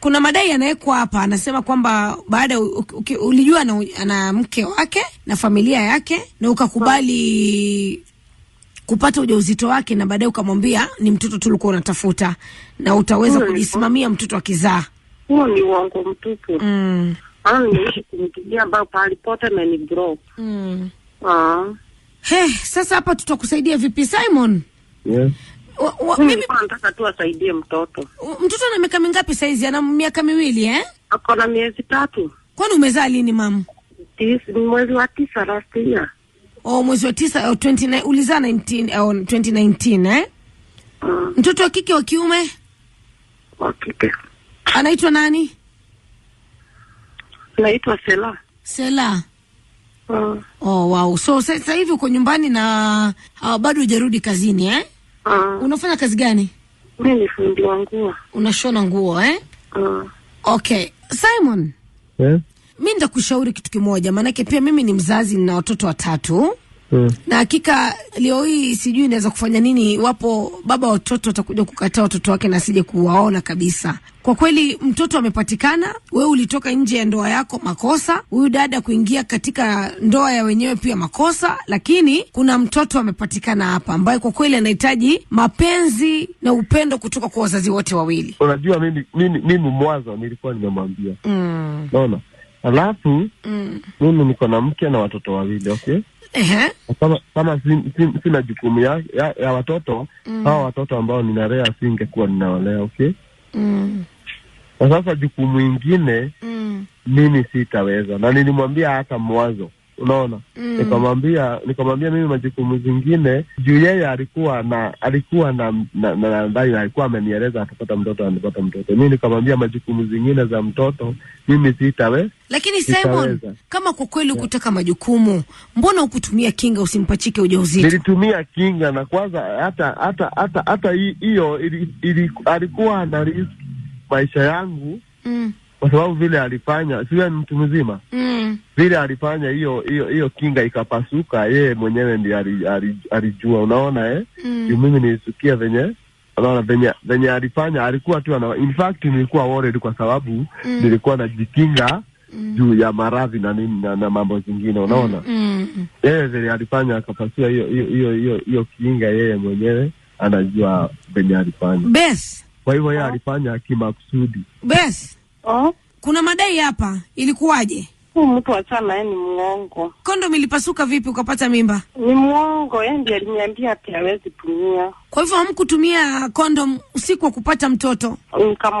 kuna madai yanawekwa hapa, anasema kwamba baada ulijua ana, na mke wake na familia yake na ukakubali kupata ujauzito wake na baadaye ukamwambia ni mtoto tu ulikuwa unatafuta na utaweza kujisimamia mtoto akizaa. Huo ni uongo mtupu. Mm. Ana kumtumia ambao pahali pote na ni bro. Mm. Ah. He, sasa hapa tutakusaidia vipi Simon? Yeah. Hmm, nilikuwa nataka tu asaidie mtoto. Mtoto ana miaka mingapi saizi? Ana miaka miwili eh? Ako na miezi tatu. Kwani umezaa lini mama? Mwezi wa tisa last year. Oh, mwezi wa tisa oh, 29 ulizaa 19 oh, 2019 eh? Mm. Mtoto wa kike wa kiume? Wa kike. Anaitwa nani? Anaitwa Sela. Sela. Mm. Oh, wow. So sasa hivi uko nyumbani na uh, bado hujarudi kazini eh? Ah. unafanya kazi gani? Mimi ni fundi wa nguo. Unashona nguo eh? Ah. Okay, Simon. Eh? Yeah? Mimi nitakushauri kitu kimoja, maanake pia mimi ni mzazi, nina watoto watatu. Mm. Na hakika leo hii sijui inaweza kufanya nini. Wapo baba watoto atakuja kukataa watoto wake na asije kuwaona kabisa. Kwa kweli, mtoto amepatikana, wewe ulitoka nje ya ndoa yako, makosa. Huyu dada kuingia katika ndoa ya wenyewe pia makosa, lakini kuna mtoto amepatikana hapa ambaye kwa kweli anahitaji mapenzi na upendo kutoka kwa wazazi wote wawili. Unajua mimi mimi, mimi mwanzo nilikuwa nimemwambia mm. naona Alafu mm. mimi niko na mke na watoto wawili okay? Ehe. Kama kama sina si, si, jukumu ya, ya, ya watoto mm. watoto ambao singe singekuwa ninawalea okay? mm. na sasa jukumu ingine mm. mimi sitaweza, na nilimwambia hata mwanzo unaona mm. Nikamwambia nikamwambia mimi majukumu zingine juu yeye alikuwa na alikuwa na nadhani alikuwa amenieleza atapata mtoto anapata mtoto. mii nikamwambia majukumu zingine za mtoto mimi sitawe, lakini Simon Kama kwa kweli ukutaka majukumu, mbona ukutumia kinga usimpachike ujauzito? Nilitumia kinga na kwanza, hata hata hata hata hiyo alikuwa na risk maisha yangu mm kwa sababu vile alifanya, siwe ni mtu mzima mm. Vile alifanya hiyo hiyo hiyo kinga ikapasuka, yeye mwenyewe ndi alijua, unaona eh? Mm. Mimi nilisikia venye unaona venye venye alifanya, alikuwa tu ana, in fact nilikuwa worried kwa sababu mm. nilikuwa najikinga Mm. juu ya maradhi na nini na, na mambo zingine unaona, mm, mm, mm. yeye vile alifanya akapasua hiyo hiyo hiyo hiyo kinga, yeye mwenyewe anajua venye alifanya. Kwa hivyo yeye alifanya kimakusudi. Bes. Oh? Kuna madai hapa, ilikuwaje? Huu mtu wa yeye ni mwongo. Kondo ilipasuka vipi ukapata mimba? Ni mwongo, yeye ndiye aliniambia ati hawezi tumia. Kwa hivyo hamkutumia kondom usiku wa kupata mtoto?